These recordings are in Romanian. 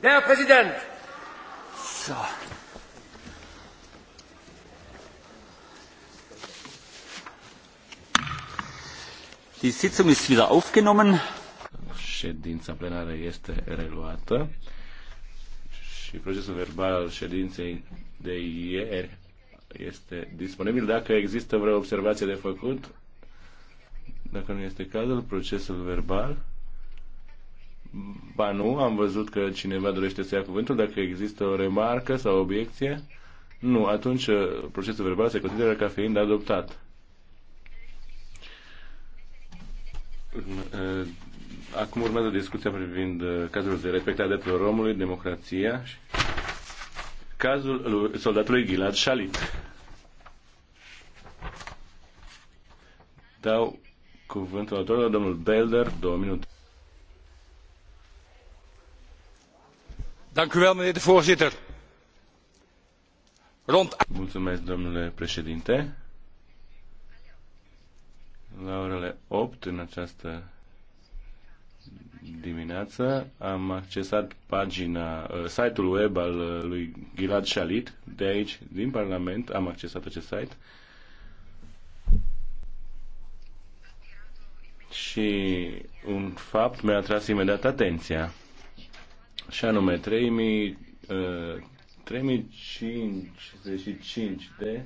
Der Präsident! So. Die Sitzung ist wieder aufgenommen. Ședința plenară este reluată și procesul verbal al ședinței de ieri este disponibil. Dacă există vreo observație de făcut, dacă nu este cazul, procesul verbal Ba nu, am văzut că cineva dorește să ia cuvântul. Dacă există o remarcă sau o obiecție, nu, atunci uh, procesul verbal se consideră ca fiind adoptat. Uh, acum urmează discuția privind uh, cazul de respectare a drepturilor omului, democrația și cazul soldatului Gilad Shalit. Dau cuvântul autorului, domnul Belder, două minute. Mulțumesc, domnule președinte. La orele 8 în această dimineață am accesat pagina, uh, site-ul web al uh, lui Gilad Shalit, de aici, din Parlament, am accesat acest site și un fapt mi-a atras imediat atenția și anume 3055 uh, de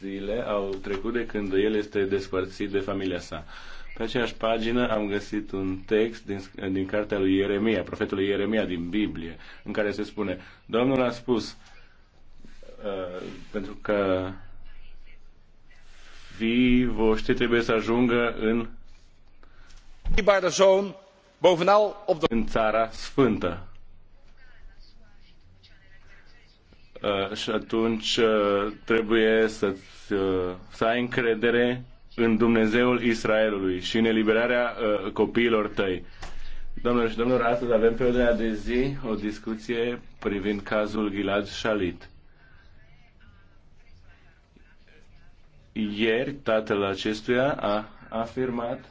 zile au trecut de când el este despărțit de familia sa. Pe aceeași pagină am găsit un text din, din cartea lui Ieremia, profetului Ieremia din Biblie, în care se spune, Domnul a spus, uh, pentru că vii voștri trebuie să ajungă în în țara sfântă. Uh, și atunci uh, trebuie să, uh, să ai încredere în Dumnezeul Israelului și în eliberarea copiilor tăi. Domnilor și domnilor, astăzi avem pe ordinea de zi o discuție privind cazul Gilad Shalit. Ieri, tatăl acestuia a afirmat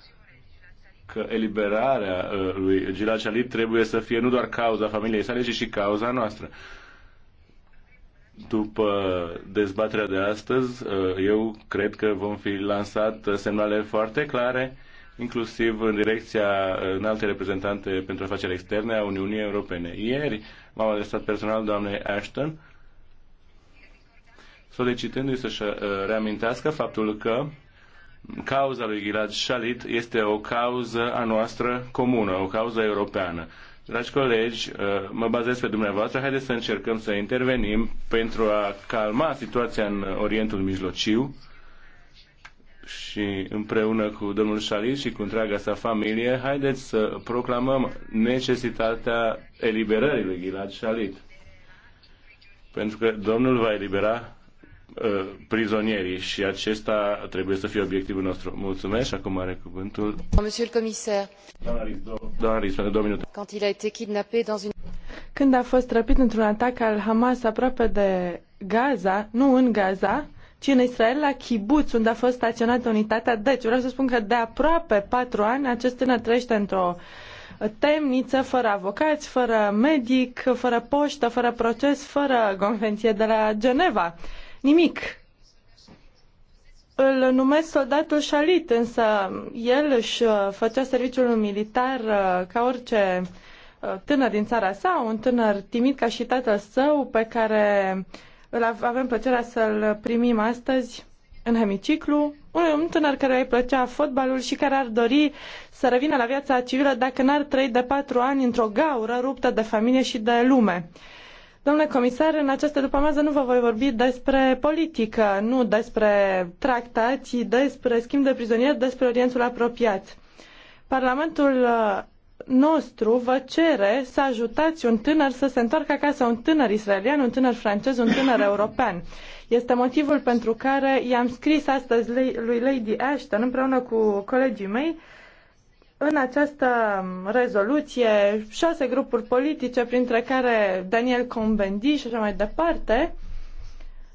că eliberarea lui Gilad Shalit trebuie să fie nu doar cauza familiei sale, ci și cauza noastră. După dezbaterea de astăzi, uh, eu cred că vom fi lansat semnale foarte clare, inclusiv în direcția uh, înalte reprezentante pentru afaceri externe a Uniunii Europene. Ieri m-am adresat personal doamnei Ashton, solicitându-i să-și uh, reamintească faptul că cauza lui Gilad Shalit este o cauză a noastră comună, o cauză europeană. Dragi colegi, uh, mă bazez pe dumneavoastră, haideți să încercăm să intervenim pentru a calma situația în Orientul Mijlociu și împreună cu domnul Shalit și cu întreaga sa familie, haideți să proclamăm necesitatea eliberării lui Gilad Shalit. Pentru că Domnul va elibera Uh, prizonierii și acesta trebuie să fie obiectivul nostru. Mulțumesc și acum are cuvântul. Monsieur le commissaire. Doamna Ries, două minute. Quand il a été kidnappé dans une... Când a fost răpit într-un atac al Hamas aproape de Gaza, nu în Gaza, ci în Israel, la Kibbutz, unde a fost staționată unitatea. Deci, vreau să spun că de aproape patru ani acest tânăr trăiește într-o temniță, fără avocați, fără medic, fără poștă, fără proces, fără convenție de la Geneva nimic. Îl numesc soldatul Shalit, însă el își uh, făcea serviciul militar uh, ca orice uh, tânăr din țara sa, un tânăr timid ca și tatăl său, pe care îl avem plăcerea să-l primim astăzi în hemiciclu, un tânăr care îi plăcea fotbalul și care ar dori să revină la viața civilă dacă n-ar trăi de patru ani într-o gaură ruptă de familie și de lume. Domnule comisar, în această după-amiază nu vă voi vorbi despre politică, nu despre tractații, despre schimb de prizonieri, despre Orientul apropiat. Parlamentul uh, nostru vă cere să ajutați un tânăr să se întoarcă acasă, un tânăr israelian, un tânăr francez, un tânăr european. Este motivul pentru care i-am scris astăzi lui Lady Ashton împreună cu colegii mei în această rezoluție șase grupuri politice, printre care Daniel Combendi și așa mai departe,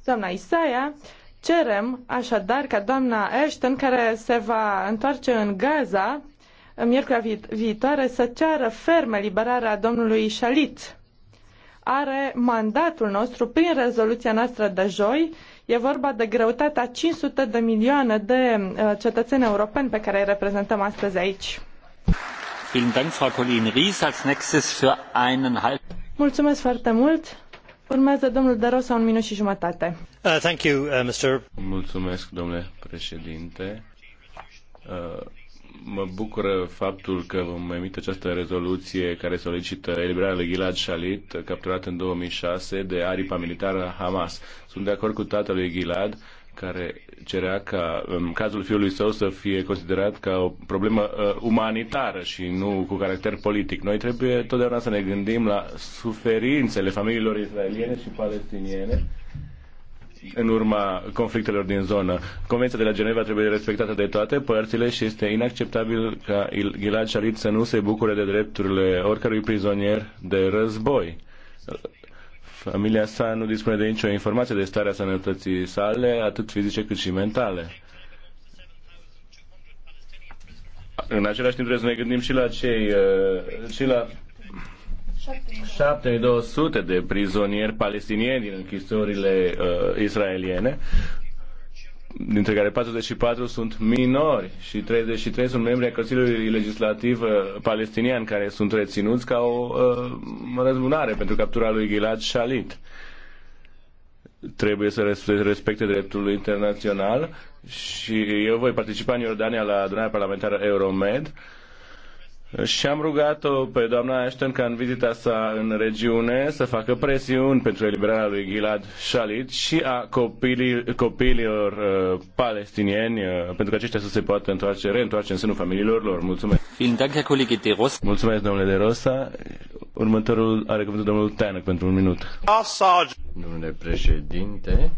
doamna Isaia, cerem așadar ca doamna Ashton, care se va întoarce în Gaza în miercurea vi viitoare, să ceară ferm eliberarea domnului Shalit. Are mandatul nostru prin rezoluția noastră de joi E vorba de greutatea 500 de milioane de uh, cetățeni europeni pe care îi reprezentăm astăzi aici. Mulțumesc foarte mult. Urmează domnul Darosa un minut și jumătate. Uh, thank you, uh, Mr. Mulțumesc, domnule președinte. Uh, mă bucură faptul că vom emite această rezoluție care solicită eliberarea lui Gilad Shalit, capturat în 2006 de aripa militară Hamas. Sunt de acord cu lui Gilad care cerea ca în cazul fiului său să fie considerat ca o problemă uh, umanitară și nu cu caracter politic. Noi trebuie totdeauna să ne gândim la suferințele familiilor israeliene și palestiniene în urma conflictelor din zonă. Convenția de la Geneva trebuie respectată de toate părțile și este inacceptabil ca Gilad Shalit să nu se bucure de drepturile oricărui prizonier de război Familia sa nu dispune de nicio informație de starea sănătății sale, atât fizice cât și mentale. În același timp trebuie să ne gândim și la cei, uh, și la 7200 de prizonieri palestinieni din închisorile uh, israeliene dintre care 44 sunt minori și 33 sunt membri ai Consiliului Legislativ uh, Palestinian care sunt reținuți ca o uh, răzbunare pentru captura lui Gilad Shalit. Trebuie să respecte dreptul internațional și eu voi participa în Iordania la adunarea parlamentară Euromed și am rugat-o pe doamna Ashton ca în vizita sa în regiune să facă presiuni pentru eliberarea lui Gilad Shalit și a copilii, copiilor uh, palestinieni uh, pentru că aceștia să se poată întoarce, reîntoarce în sânul familiilor lor. Mulțumesc! Mulțumesc, domnule De Rosa. Următorul are cuvântul domnul Tanăc pentru un minut. Domnule președinte,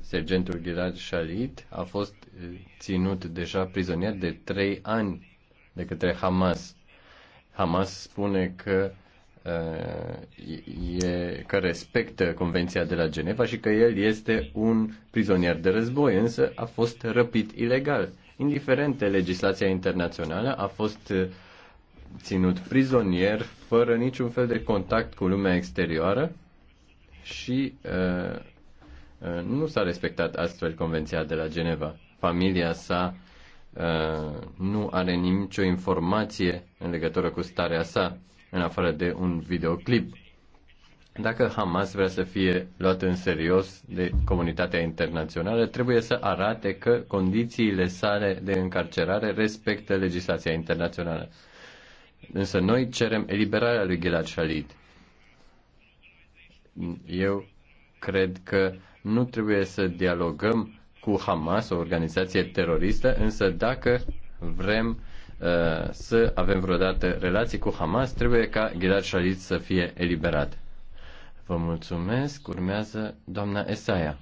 sergentul Gilad Shalit a fost uh, ținut deja prizonier de trei ani de către Hamas Hamas spune că uh, e, că respectă Convenția de la Geneva și că el este un prizonier de război, însă a fost răpit ilegal. Indiferent de legislația internațională, a fost uh, ținut prizonier fără niciun fel de contact cu lumea exterioară și uh, uh nu s-a respectat astfel Convenția de la Geneva. Familia sa Uh, nu are nicio informație în legătură cu starea sa, în afară de un videoclip. Dacă Hamas vrea să fie luat în serios de comunitatea internațională, trebuie să arate că condițiile sale de încarcerare respectă legislația internațională. Însă noi cerem eliberarea lui Gilad Shalit. Eu cred că nu trebuie să dialogăm cu Hamas, o organizație teroristă, însă dacă vrem uh, să avem vreodată relații cu Hamas, trebuie ca Gilad Shalit să fie eliberat. Vă mulțumesc. Urmează doamna Esaia.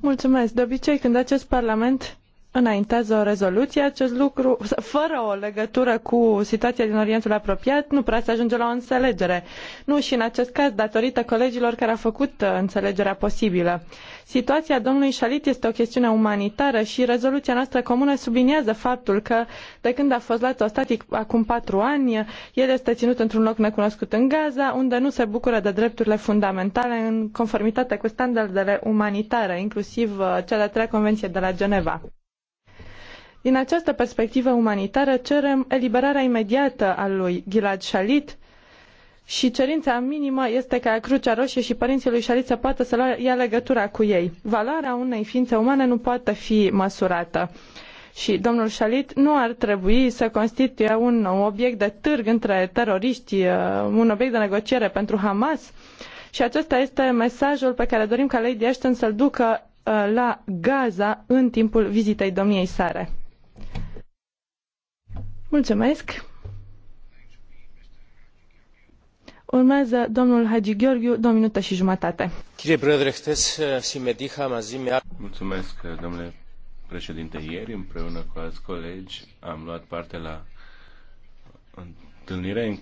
Mulțumesc. De obicei, când acest parlament înaintează o rezoluție, acest lucru, fără o legătură cu situația din Orientul apropiat, nu prea se ajunge la o înțelegere. Nu și în acest caz, datorită colegilor care au făcut uh, înțelegerea posibilă. Situația domnului Shalit este o chestiune umanitară și rezoluția noastră comună subliniază faptul că de când a fost luat static acum patru ani, el este ținut într-un loc necunoscut în Gaza, unde nu se bucură de drepturile fundamentale în conformitate cu standardele umanitare, inclusiv uh, cea de-a treia convenție de la Geneva. Din această perspectivă umanitară cerem eliberarea imediată a lui Gilad Shalit și cerința minimă este ca Crucea Roșie și părinții lui Shalit să poată să ia legătura cu ei. Valoarea unei ființe umane nu poate fi măsurată și domnul Shalit nu ar trebui să constituie un obiect de târg între teroriști, uh, un obiect de negociere pentru Hamas. Și acesta este mesajul pe care dorim ca Lady Ashton să-l ducă uh, la Gaza în timpul vizitei domniei sare. Mulțumesc. Urmează domnul Hagi Gheorghiu, două minute și jumătate. Mulțumesc, domnule președinte. Ieri, împreună cu alți colegi, am luat parte la întâlnire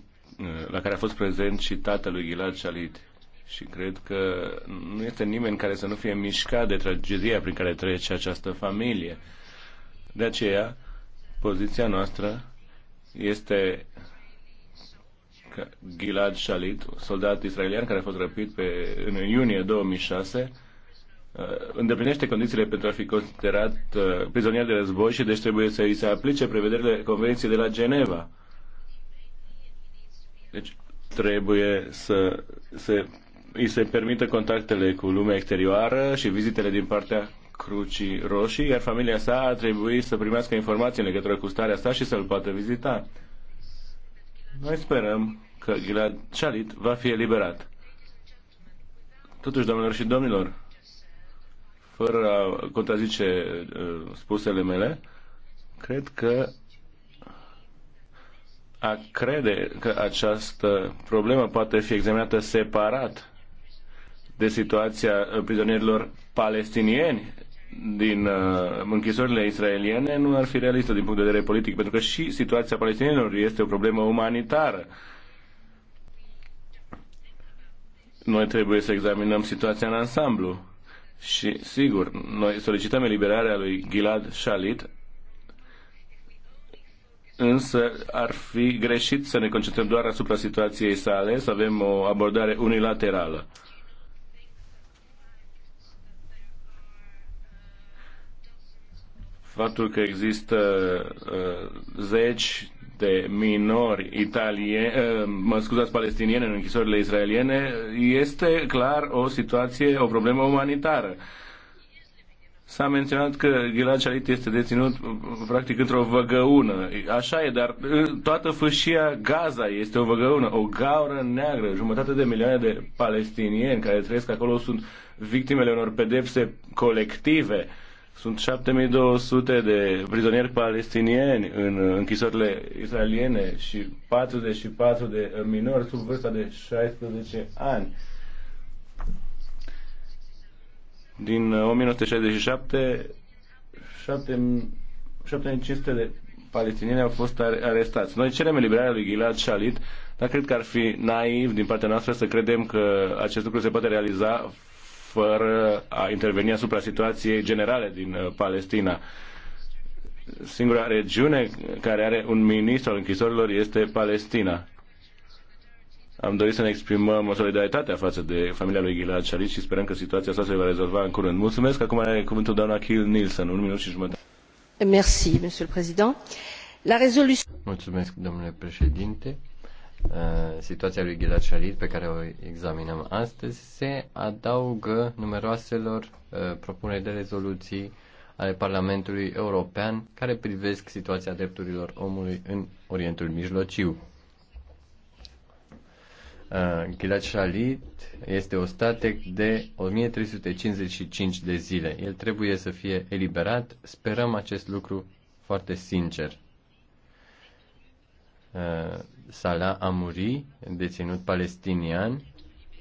la care a fost prezent și tatălui Gilad Shalit. Și cred că nu este nimeni care să nu fie mișcat de tragedia prin care trece această familie. De aceea, poziția noastră este Gilad Shalit, soldat israelian care a fost răpit pe, în iunie 2006, uh, îndeplinește condițiile pentru a fi considerat uh, prizonier de război și deci trebuie să îi se aplice prevederile Convenției de la Geneva. Deci trebuie să se, îi se permită contactele cu lumea exterioară și vizitele din partea Crucii Roșii, iar familia sa a trebuit să primească informații în legătură cu starea sa și să-l poată vizita. Noi sperăm că Gilad Shalit va fi eliberat. Totuși, domnilor și domnilor, fără a contrazice uh, spusele mele, cred că a crede că această problemă poate fi examinată separat de situația uh, prizonierilor palestinieni din uh, închisorile israeliene nu ar fi realistă din punct de vedere politic, pentru că și situația palestinienilor este o problemă umanitară. Noi trebuie să examinăm situația în ansamblu. Și, sigur, noi solicităm eliberarea lui Gilad Shalit, însă ar fi greșit să ne concentrăm doar asupra situației sale, să avem o abordare unilaterală. faptul că există uh, zeci de minori italieni, uh, mă scuzați, palestinieni în închisorile israeliene, este clar o situație, o problemă umanitară. S-a menționat că Gilad Shalit este deținut uh, practic într-o văgăună. Așa e, dar uh, toată fâșia Gaza este o văgăună, o gaură neagră. Jumătate de milioane de palestinieni care trăiesc acolo sunt victimele unor pedepse colective. Uh, sunt 7200 de prizonieri palestinieni în uh, închisorile israeliene și 44 de uh, minori sub vârsta de 16 ani. Din 1967, uh, 7500 de palestinieni au fost arestați. Noi cerem eliberarea lui Gilad Shalit, dar cred că ar fi naiv din partea noastră să credem că acest lucru se poate realiza fără a interveni asupra situației generale din uh, Palestina. Singura regiune care are un ministru al închisorilor este Palestina. Am dorit să ne exprimăm solidaritatea față de familia lui Gilad Shalit și sperăm că situația asta se va rezolva în curând. Mulțumesc. Acum are cuvântul doamna Kiel Nielsen. Un minut și jumătate. Merci, monsieur le président. La résolution... Mulțumesc, domnule președinte. Uh, situația lui Gilad Shalit pe care o examinăm astăzi se adaugă numeroaselor uh, propuneri de rezoluții ale Parlamentului European care privesc situația drepturilor omului în Orientul Mijlociu. Uh, Gilad Shalit este o statec de 1355 de zile. El trebuie să fie eliberat. Sperăm acest lucru foarte sincer. Uh, Salah Amuri, deținut palestinian,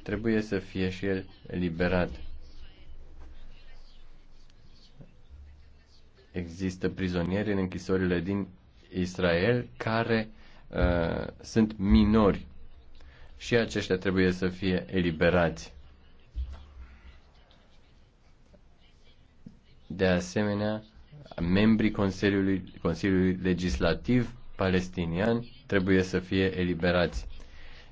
trebuie să fie și el eliberat. Există prizonieri în închisorile din Israel care uh, sunt minori și aceștia trebuie să fie eliberați. De asemenea, membrii Consiliului, Consiliului Legislativ palestinieni trebuie să fie eliberați.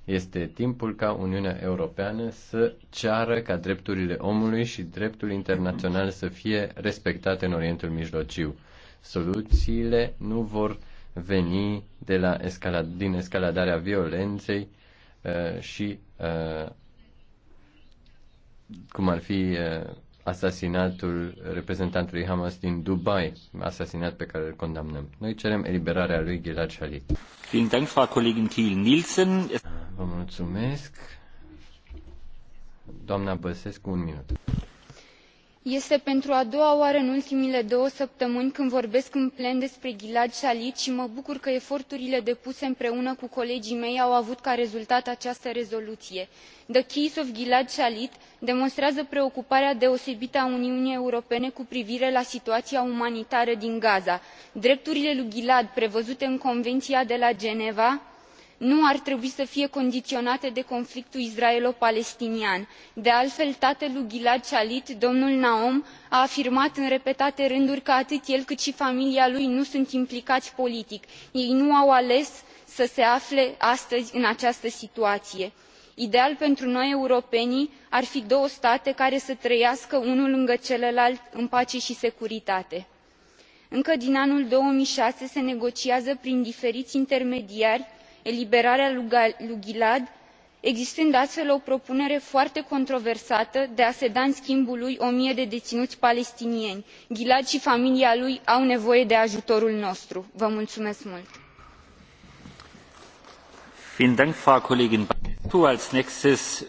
Este timpul ca Uniunea Europeană să ceară ca drepturile omului și dreptul internațional să fie respectate în Orientul Mijlociu. Soluțiile nu vor veni de la escalad- din escaladarea violenței uh, și uh, cum ar fi uh, asasinatul reprezentantului Hamas din Dubai, asasinat pe care îl condamnăm. Noi cerem eliberarea lui Gilad Shalit. Vă mulțumesc. Doamna Băsescu, un minut este pentru a doua oară în ultimele două săptămâni când vorbesc în plen despre ghilad shalit i mă bucur că eforturile depuse împreună cu colegii mei au avut ca rezultat această rezoluie. the case of ghilad shalit demonstrează preocuparea deosebită a uniunii europene cu privire la situaia umanitară din gaza. drepturile lui ghilad prevăzute în convenia de la geneva nu ar trebui să fie condiționate de conflictul israelo palestinian de altfel tatălui ghilad shalit domnul naom a afirmat în repetate rânduri că atât el cât și familia lui nu sunt implicați politic. ei nu au ales să se afle astăzi în această situație. ideal pentru noi europenii ar fi două state care să trăiască unul lângă celălalt în pace și securitate. încă din anul două mii șase se negociază prin diferiți intermediari eliberarea lui gilad existând astfel o propunere foarte controversată de a se da în schimbul lui o mie de deinui palestinieni. gilad și familia lui au nevoie de ajutorul nostru. vă mulțumesc mult!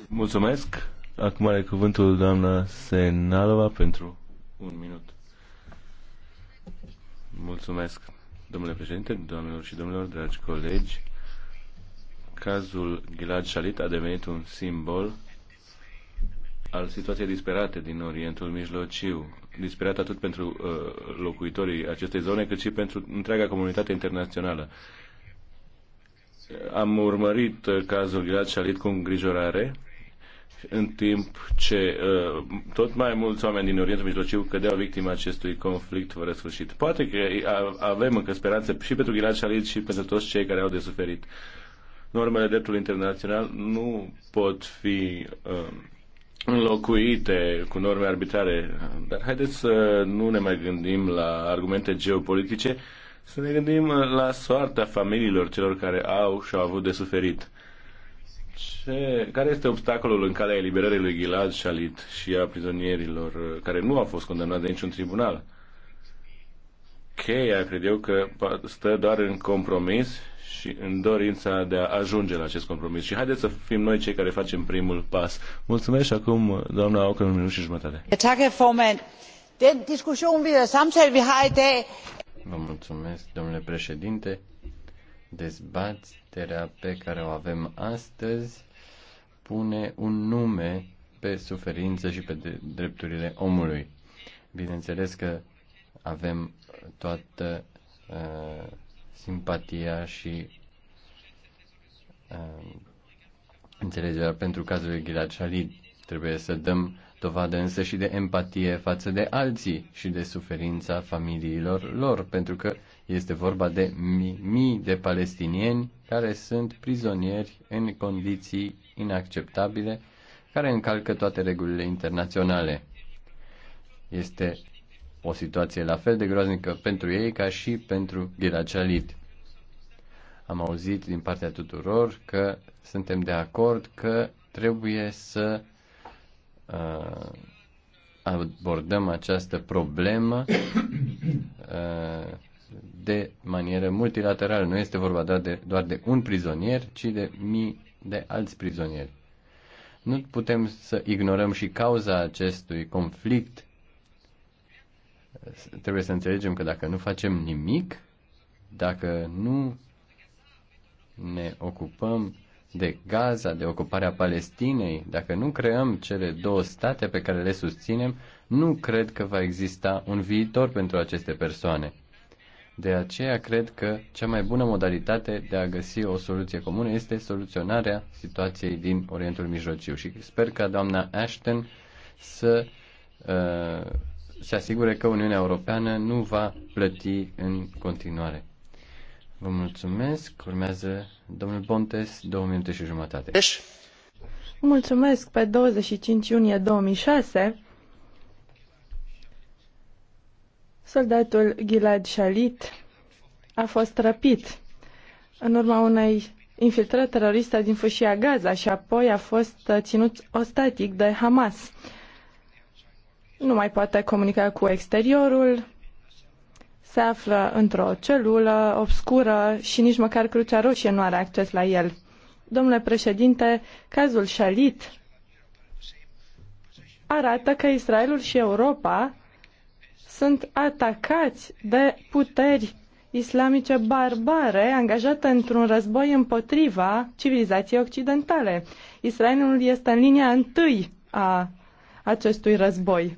Mulțumesc. Acum are cuvântul doamna Senalova pentru un minut. Mulțumesc, și Cazul Gilad Shalit a devenit un simbol al situației disperate din Orientul Mijlociu, disperat atât pentru uh, locuitorii acestei zone, cât și pentru întreaga comunitate internațională. Am urmărit uh, cazul Gilad Shalit cu îngrijorare, în timp ce uh, tot mai mulți oameni din Orientul Mijlociu cădeau victima acestui conflict fără sfârșit. Poate că avem încă speranță și pentru Gilad Shalit și pentru toți cei care au de suferit. Uh, normele dreptului internațional nu pot fi uh, înlocuite cu norme arbitrare. Dar haideți să nu ne mai gândim la argumente geopolitice, să ne gândim la soarta familiilor celor care au și au avut de suferit. Ce, care este obstacolul în calea eliberării lui Gilad Shalit și a prizonierilor care nu au fost condamnați de niciun tribunal? cheia, cred eu, că stă doar în compromis și în dorința de a ajunge la acest compromis. Și haideți să fim noi cei care facem primul pas. Mulțumesc și acum, doamna Ocă, un minut și jumătate. Vă mulțumesc, domnule președinte. Dezbaterea pe care o avem astăzi pune un nume pe suferință și pe drepturile omului. Bineînțeles că avem toată uh, simpatia și uh, înțelegerea pentru cazul lui Gilad Shalit. Trebuie să dăm dovadă însă și de empatie față de alții și de suferința familiilor lor, pentru că este vorba de mii, mii de palestinieni care sunt prizonieri în condiții inacceptabile, care încalcă toate regulile internaționale. Este o situație la fel de groaznică pentru ei ca și pentru Gilad Am auzit din partea tuturor că suntem de acord că trebuie să uh, abordăm această problemă uh, de manieră multilaterală. Nu este vorba doar de, doar de un prizonier, ci de mii de alți prizonieri. Nu putem să ignorăm și cauza acestui conflict trebuie să înțelegem că dacă nu facem nimic, dacă nu ne ocupăm de Gaza, de ocuparea Palestinei, dacă nu creăm cele două state pe care le susținem, nu cred că va exista un viitor pentru aceste persoane. De aceea cred că cea mai bună modalitate de a găsi o soluție comună este soluționarea situației din Orientul Mijlociu și sper ca doamna Ashton să uh, se asigure că Uniunea Europeană nu va plăti în continuare. Vă mulțumesc. Urmează domnul Bontes, două minute și jumătate. Mulțumesc. Pe 25 iunie 2006, soldatul Gilad Shalit a fost răpit în urma unei infiltrări teroriste din fâșia Gaza și apoi a fost ținut ostatic de Hamas nu mai poate comunica cu exteriorul, se află într-o celulă obscură și nici măcar Crucea Roșie nu are acces la el. Domnule președinte, cazul Shalit arată că Israelul și Europa sunt atacați de puteri islamice barbare angajate într-un război împotriva civilizației occidentale. Israelul este în linia întâi a acestui război.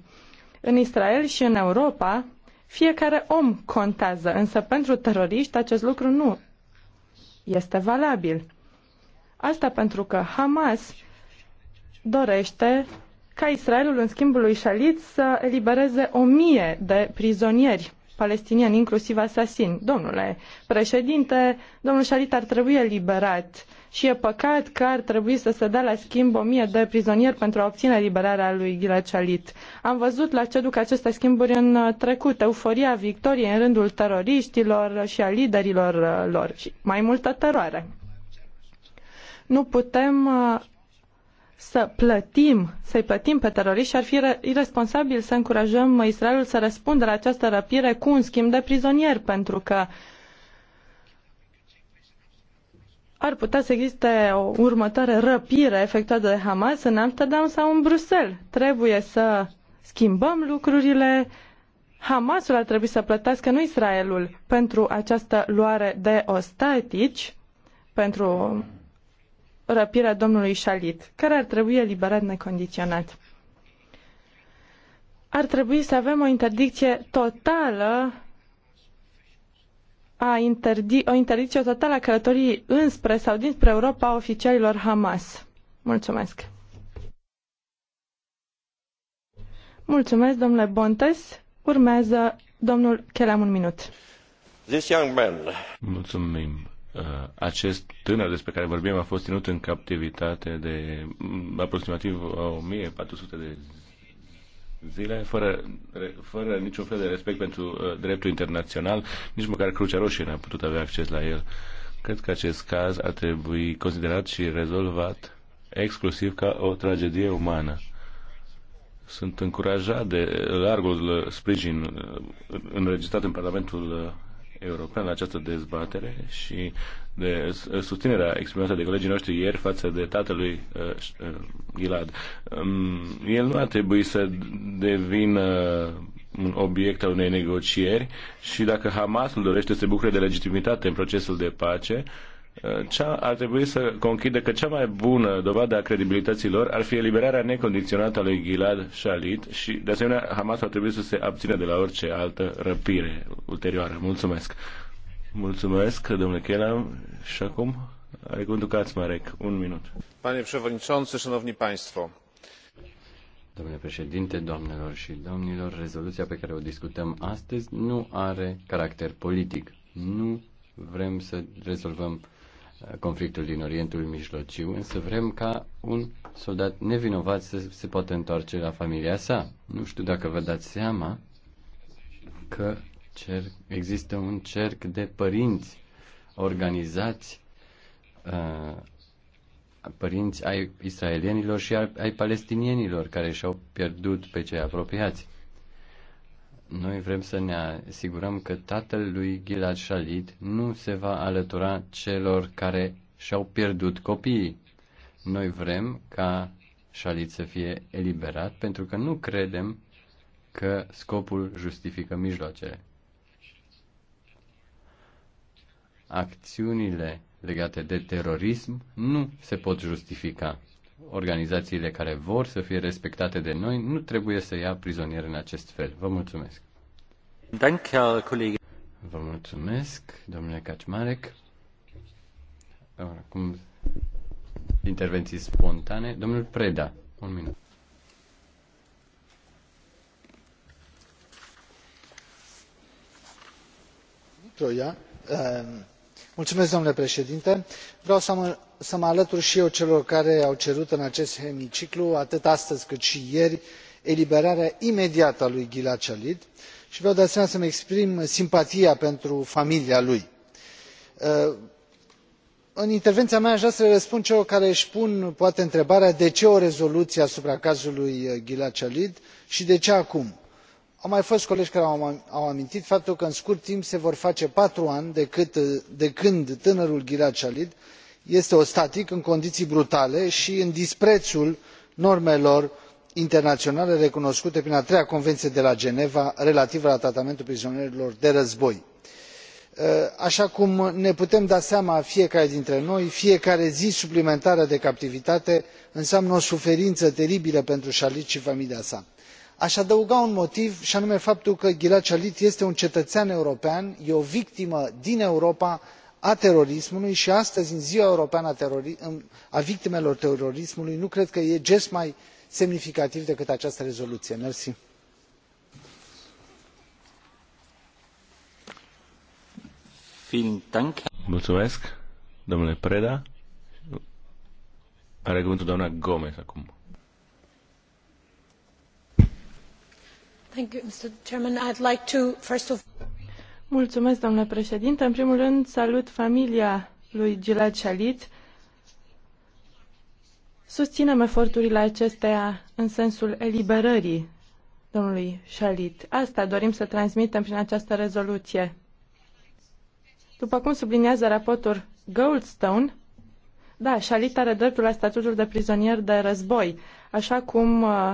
În Israel și în Europa, fiecare om contează, însă pentru teroriști acest lucru nu este valabil. Asta pentru că Hamas dorește ca Israelul, în schimbul lui Shalit, să elibereze o mie de prizonieri palestinieni, inclusiv asasin, Domnule președinte, domnul Shalit ar trebui eliberat și e păcat că ar trebui să se dea la schimb o mie de prizonieri pentru a obține liberarea lui Gilad Shalit. Am văzut la ce duc aceste schimburi în uh, trecut, euforia victoriei în rândul teroriștilor și a liderilor uh, lor și mai multă teroare. Nu putem uh, să plătim, să-i plătim pe teroriști și ar fi irresponsabil să încurajăm Israelul să răspundă la această răpire cu un schimb de prizonieri, pentru că ar putea să existe o următoare răpire efectuată de Hamas în Amsterdam sau în Bruxelles. Trebuie să schimbăm lucrurile. Hamasul ar trebui să plătească, nu Israelul, pentru această luare de ostatici, pentru răpirea domnului Shalit, care ar trebui eliberat necondiționat. Ar trebui să avem o interdicție totală a interdi- o interdicție totală a călătorii înspre sau dinspre Europa a oficialilor Hamas. Mulțumesc. Mulțumesc, domnule Bontes. Urmează domnul Chelam un minut. This young man. Mulțumim Uh, acest tânăr despre care vorbim a fost ținut în captivitate de mm, aproximativ 1400 de zile, fără, fără niciun fel de respect pentru uh, dreptul internațional, nici măcar Crucea Roșie n-a putut avea acces la el. Cred că acest caz ar trebui considerat și rezolvat exclusiv ca o tragedie umană. Sunt încurajat de largul sprijin uh, înregistrat în Parlamentul European la această dezbatere și de uh, susținerea exprimată de colegii noștri ieri față de tatălui uh, uh, Gilad. Um, el nu ar trebui să devină un obiect al unei negocieri și dacă Hamas dorește să bucure de legitimitate în procesul de pace, uh, cea, ar trebui să conchidă că cea mai bună dovadă a credibilității lor ar fi eliberarea necondiționată a lui Gilad Shalit și, de asemenea, Hamas ar trebui să se abțină de la orice altă răpire ulterioară. Mulțumesc! Mulțumesc, domnule Kelam, Și acum are cuvântul Kaczmarek. Un minut. Panie președinte, șanovni państwo. Domnule președinte, doamnelor și domnilor, rezoluția pe care o discutăm astăzi nu are caracter politic. Nu vrem să rezolvăm conflictul din Orientul Mijlociu, însă vrem ca un soldat nevinovat să se poată întoarce la familia sa. Nu știu dacă vă dați seama că cer, există un cerc de părinți organizați, uh, părinți ai israelienilor și ai palestinienilor care și-au pierdut pe cei apropiați. Noi vrem să ne asigurăm că tatăl lui Gilad Shalit nu se va alătura celor care și-au pierdut copiii. Noi vrem ca Shalit să fie eliberat pentru că nu credem că scopul justifică mijloacele. Acțiunile legate de terorism nu se pot justifica organizațiile care vor să fie respectate de noi nu trebuie să ia prizonieri în acest fel. Vă mulțumesc. Vă mulțumesc, domnule Kaczmarek. Acum intervenții spontane. Domnul Preda, un minut. Troia. Ehm, vreau să mă alătur i eu celor care au cerut în acest hemiciclu atât astăzi cât i ieri eliberarea imediată a lui ghilad shalit i vreau de asemenea să îmi exprim simpatia pentru familia lui. Uh, în intervenia mea a vrea să le răspund celor care îi pun poate întrebarea de ce o rezoluie asupra cazului uh, ghilad shalit i de ce acum? au mai fost colegi care au amintit faptul că în scurt timp se vor face patru ani de când tânărul ghilad shalit este ostatic în condiii brutale i în dispreul normelor internaionale recunoscute prin a treia convenie de la geneva relativă la tratamentul prizonierilor de război. Ă, aa cum ne putem da seama fiecare dintre noi fiecare zi suplimentară de captivitate înseamnă o suferină teribilă pentru shalit i familia sa a adăuga un motiv și anume faptul că gilad shalit este un cetățean european este o victimă din europa a terorismului și astăzi în ziua europeană a victimelor terorismului nu cred că e gest mai semnificativ decât această rezoluție. Mulțumesc, domnule Preda. Are acum. Mulțumesc, domnule președinte. În primul rând, salut familia lui Gilad Shalit. susinem eforturile acesteia în sensul eliberării domnului Shalit. Asta dorim să transmitem prin această rezoluție. După cum subliniază raportul Goldstone, da, Shalit are dreptul la statutul de prizonier de război, așa cum uh,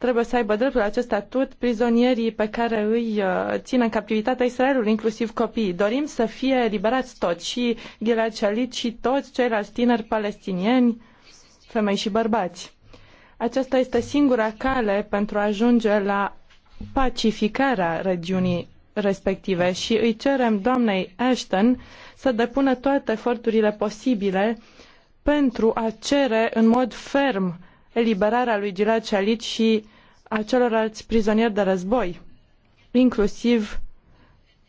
trebuie să aibă dreptul la acest statut prizonierii pe care îi uh, țin în captivitatea Israelul, inclusiv copiii. Dorim să fie eliberați toți, și Gilad Shalit și toți ceilalți tineri palestinieni, femei și bărbați. Aceasta este singura cale pentru a ajunge la pacificarea regiunii respective și îi cerem doamnei Ashton să depună toate eforturile posibile pentru a cere în mod ferm eliberarea lui Gilad Shalit și a celorlalți prizonieri de război, inclusiv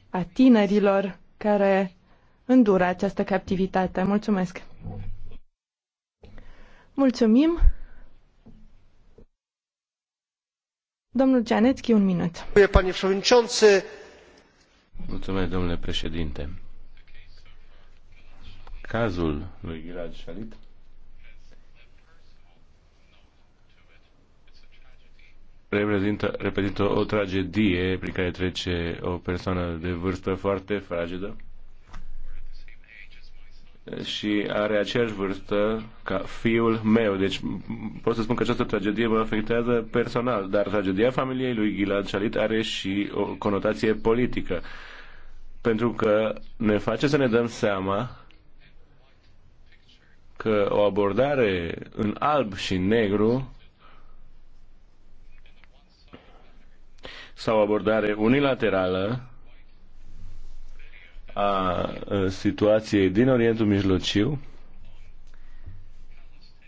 a tinerilor care îndură această captivitate. Mulțumesc! Mulțumim! Domnul Cianețchi, un minut. Mulțumesc, domnule președinte. Cazul lui Gilad Shalit reprezintă, reprezintă o tragedie prin care trece o persoană de vârstă foarte fragedă și are aceeași vârstă ca fiul meu. Deci pot să spun că această tragedie mă afectează personal, dar tragedia familiei lui Gilad Shalit are și o conotație politică. Pentru că ne face să ne dăm seama că o abordare în alb și negru sau abordare unilaterală a situației din Orientul Mijlociu,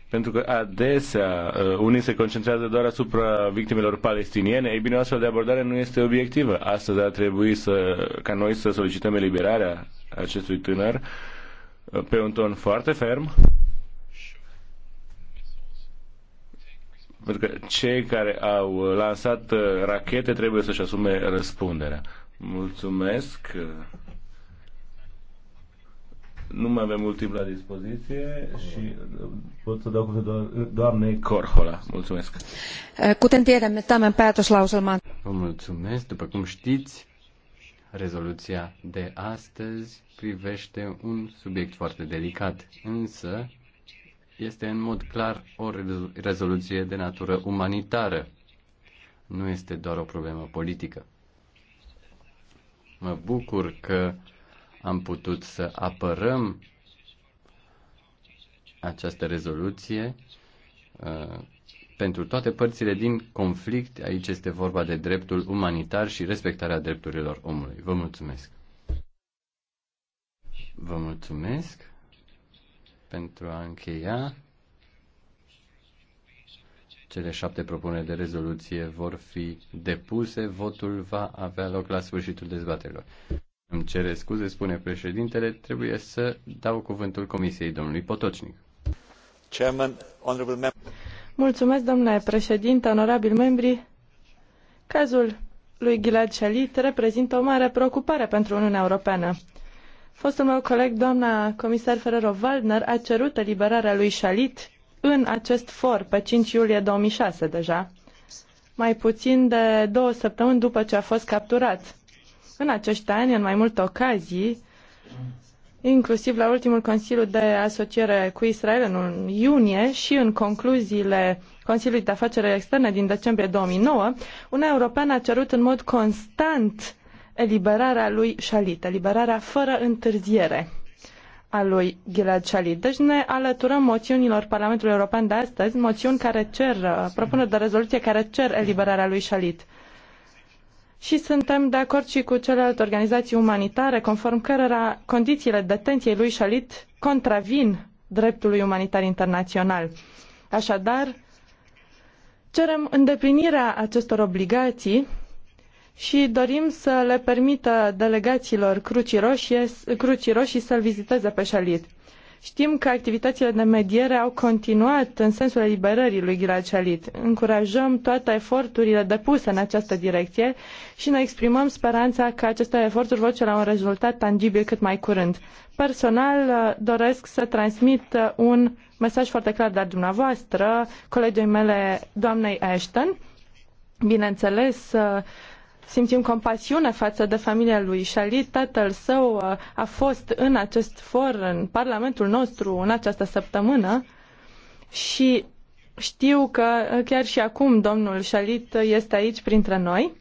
pentru că adesea unii se concentrează doar asupra victimelor palestiniene, ei bine, o astfel de abordare nu este obiectivă. Astăzi ar trebui să, ca noi să solicităm eliberarea acestui tânăr pe un ton foarte ferm, Pentru că cei care au lansat uh, rachete trebuie să-și asume răspunderea. Mulțumesc. Nu mai avem mult timp la dispoziție și uh, pot să dau cuvântul doamnei Corhola. Mulțumesc. Eh, kuten tiedämme tämän la Vă mulțumesc. După cum știți, rezoluția de astăzi privește un subiect foarte delicat, însă este în mod clar o rezoluție de natură umanitară. Nu este doar o problemă politică. Mă bucur că am putut să apărăm această rezoluție uh, pentru toate părțile din conflict. Aici este vorba de dreptul umanitar și respectarea drepturilor omului. Vă mulțumesc! Vă mulțumesc! pentru a încheia. Cele șapte propuneri de rezoluție vor fi depuse. Votul va avea loc la sfârșitul dezbaterilor. Îmi cere scuze, spune președintele, trebuie să dau cuvântul Comisiei domnului Potocnic. Chairman, honorable Mulțumesc, domnule președinte, onorabili membri. Cazul lui Gilad Shalit reprezintă o mare preocupare pentru Uniunea Europeană. Fostul meu coleg, doamna comisar Ferrero-Waldner, a cerut eliberarea lui Shalit în acest for pe 5 iulie 2006 deja, mai puțin de două săptămâni după ce a fost capturat. În acești ani, în mai multe ocazii, inclusiv la ultimul Consiliu de Asociere cu Israel în iunie și în concluziile Consiliului de Afaceri Externe din decembrie 2009, Uniunea Europeană a cerut în mod constant eliberarea lui Shalit, eliberarea fără întârziere a lui Gilad Shalit. Deci ne alăturăm moțiunilor Parlamentului European de astăzi, moțiuni care cer, uh, propuneri de rezoluție care cer eliberarea lui Shalit. Și suntem de acord și cu celelalte organizații umanitare, conform cărora condițiile detenției lui Shalit contravin dreptului umanitar internațional. Așadar, cerem îndeplinirea acestor obligații și dorim să le permită delegațiilor Crucii Roșii, Crucii Roșii să-l viziteze pe Shalit. Știm că activitățile de mediere au continuat în sensul eliberării lui Gilad Shalit. Încurajăm toate eforturile depuse în această direcție și ne exprimăm speranța că aceste eforturi vor la un rezultat tangibil cât mai curând. Personal uh, doresc să transmit uh, un mesaj foarte clar de-a dumneavoastră, colegii mele, doamnei Ashton. Bineînțeles, uh, simțim compasiune față de familia lui Shali, Tatăl său uh, a fost în acest for, în Parlamentul nostru, în această săptămână și știu că uh, chiar și acum domnul Shalit uh, este aici printre noi.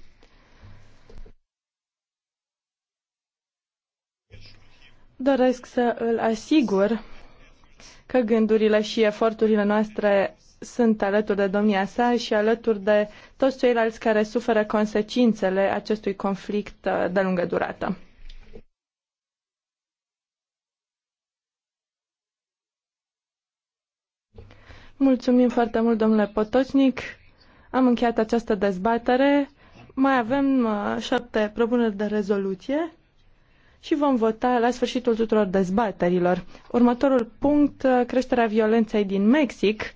Doresc să îl asigur că gândurile și eforturile noastre sunt alături de domnia sa și alături de toți ceilalți care suferă consecințele acestui conflict uh, de lungă durată. Mulțumim foarte mult, domnule Potocnic. Am încheiat această dezbatere. Mai avem uh, șapte propuneri de rezoluție și vom vota la sfârșitul tuturor dezbaterilor. Următorul punct, uh, creșterea violenței din Mexic.